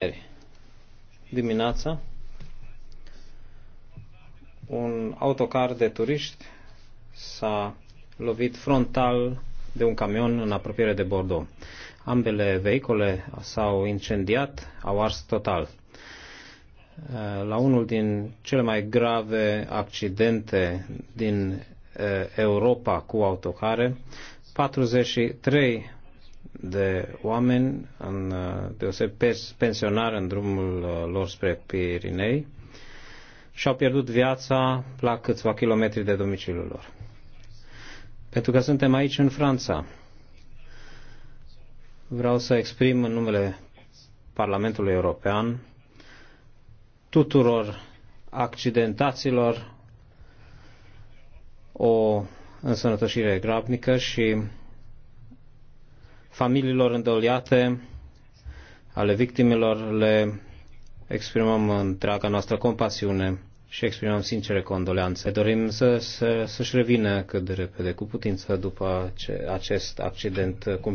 ieri dimineața un autocar de turiști s-a lovit frontal de un camion în apropiere de Bordeaux. Ambele vehicule s-au incendiat, au ars total. Eh, la unul din cele mai grave accidente din eh, Europa cu autocare, 43 de oameni, în uh, deoseb pensionari în drumul uh, lor spre Pirinei și-au pierdut viața la câțiva kilometri de domiciliul lor. Pentru că suntem aici în Franța, vreau să exprim în numele Parlamentului European tuturor accidentaților o însănătoșire grabnică și familiilor îndoliate, ale victimelor, le exprimăm întreaga noastră compasiune și exprimăm sincere condoleanțe. Dorim să, să, să-și revină cât de repede, cu putință, după ce, acest accident